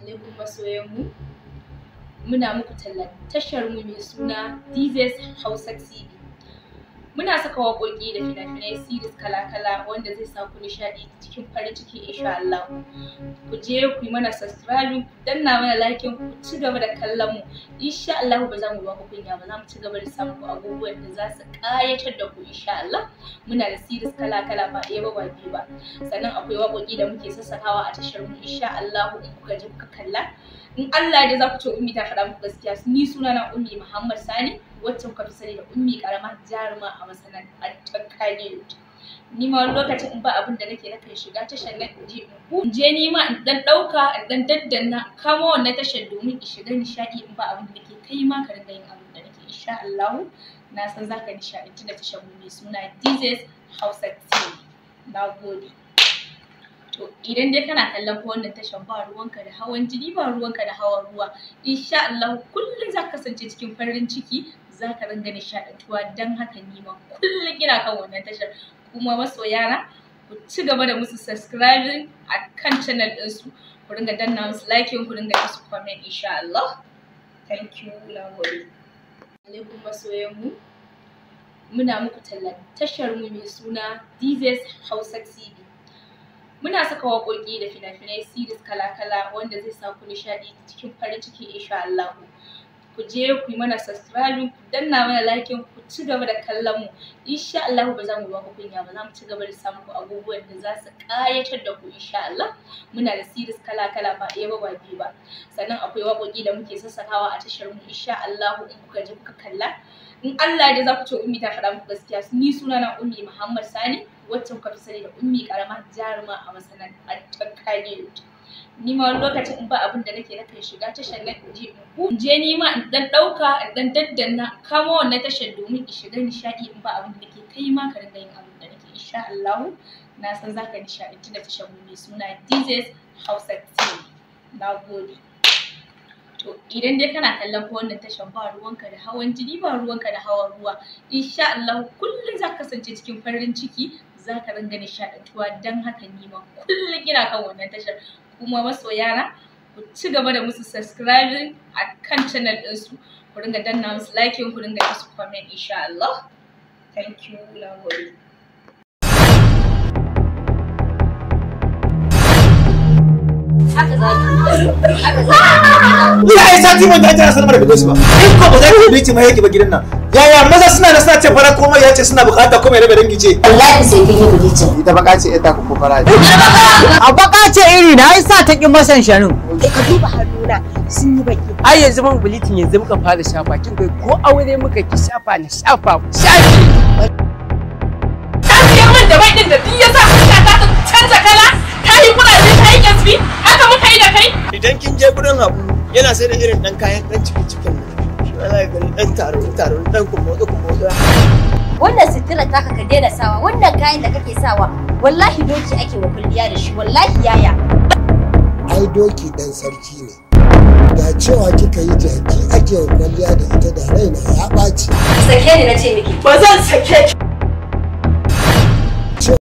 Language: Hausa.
alaikum mu, muna muku tallan tashar mu mai suna DJs Hausa TV Muna saka waƙoƙi da fina-finai series kala-kala wanda zai sa ku nishaɗi cikin farin ciki insha Allah. Ku je ku yi mana subscribe, ku danna mana like, ku ci gaba da kallon mu. Insha Allah ba za mu ba ku kunya ba, za mu ci gaba da samun ku abubuwan da za su ƙayatar da ku insha Allah. Muna da series kala-kala ba ɗaya ba ba biyu ba. Sannan akwai waƙoƙi da muke sassakawa a tashar mu insha Allah in kuka je kuka kalla. In Allah ya za ku ce Ummi ta faɗa muku gaskiya ni sunana Ummi Muhammad Sani. wacce kuka fi sani da ummi karama jaruma a masana'antar kaliyot Ni ma wani lokacin in ba abin da nake nakan shiga tashar na je in ku. In je ni ma in dan ɗauka in dan daddanna kama wannan tashar domin in shiga nishaɗi in ba abin da nake kai ma ka ringa yin abin da nake insha Allah na san za ka nishaɗi da tashar mu mai suna DJs Hausa TV. Na gode. to idan dai kana kallon ko wannan tashar, ba ruwanka da hawan jini ba ruwanka da hawan ruwa insha Allah kullum za ka kasance cikin farin ciki za ka ringa nishaɗantuwa don haka ni ma kullum ina kan wannan tashar kuma masoya na ku ci gaba da musu subscribing a kan channel ɗinsu ku ringa danna musu like ku ringa musu comment insha Allah thank you lagori alaikum masoyan mu muna muku tallan tashar mu mai suna DJs Hausa TV muna saka waƙoƙi da fina-finai series kala-kala wanda zai sa ku nishaɗi cikin farin ciki insha Allah ku je ku yi mana subscribing ku danna mana like ku ci gaba da kallon mu insha Allah ba za mu ba ku kunya ba za mu ci gaba da samu abubuwan da za su kayatar da ku insha Allah muna da series kala kala ba ɗaya ba biyu ba sannan akwai waƙoƙi da muke sassakawa a tashar mu insha Allah in kuka je kuka kalla in Allah da za ku ce ummi ta faɗa muku gaskiya ni suna na ummi Muhammad Sani wacce kuka fi sani da ummi karama jaruma a masana'antar Kaniwood ni ma wani lokacin in ba abin da nake nakan shiga tashar nan in je in je ni ma in dan dauka in dan daddanna kamo wannan tashar domin in shiga nishaɗi in ba abin da nake kai ma ka rinka yin abin da nake insha Allah na san zaka nishadi da tashar mu mai suna DJs Hausa TV nagode to idan dai kana kallon ko wannan tashan ba ruwanka da hawan jini ba ruwanka da hawan ruwa insha Allah kullum zaka kasance cikin farin ciki zaka ka ringa nishaɗantuwa don haka ni ma kullum ina kan wannan tashar kuma masoya na ku ci gaba da musu subscribing a kan channel ɗinsu ku ringa danna musu like ku ringa musu comment insha Allah thank you Ya yi sati mai dace na sanar da bidoshi ba. In ko ba za ki bici mai yake ba gidan nan. Yaya maza suna da suna ce fara komai ya ce suna bukata komai rabe dangi ce. Wallahi sai kin yi bici. Ita baka ce ita ku fara. A baka ce iri na ai sa ta ki masan sharin. Eh, ka duba hannuna sun yi baki. Ai yanzu man bulitin yanzu muka fara shafa kin kai, ko aure muka ki shafa na shafa. Shafi. idan kin je gurin habu yana sai da irin dan kayan dan cikin cikin shi ana gani dan taro taro dan kuma wato kuma wato wannan sitira taka ka daina sawa wannan kayan da kake sawa wallahi doki ake wa kulliya da shi wallahi yaya ai doki dan sarki ne da cewa kika yi jaki ake wa kulliya da ita da raina ya ɓaci sake ni na ce miki ba zan sake ki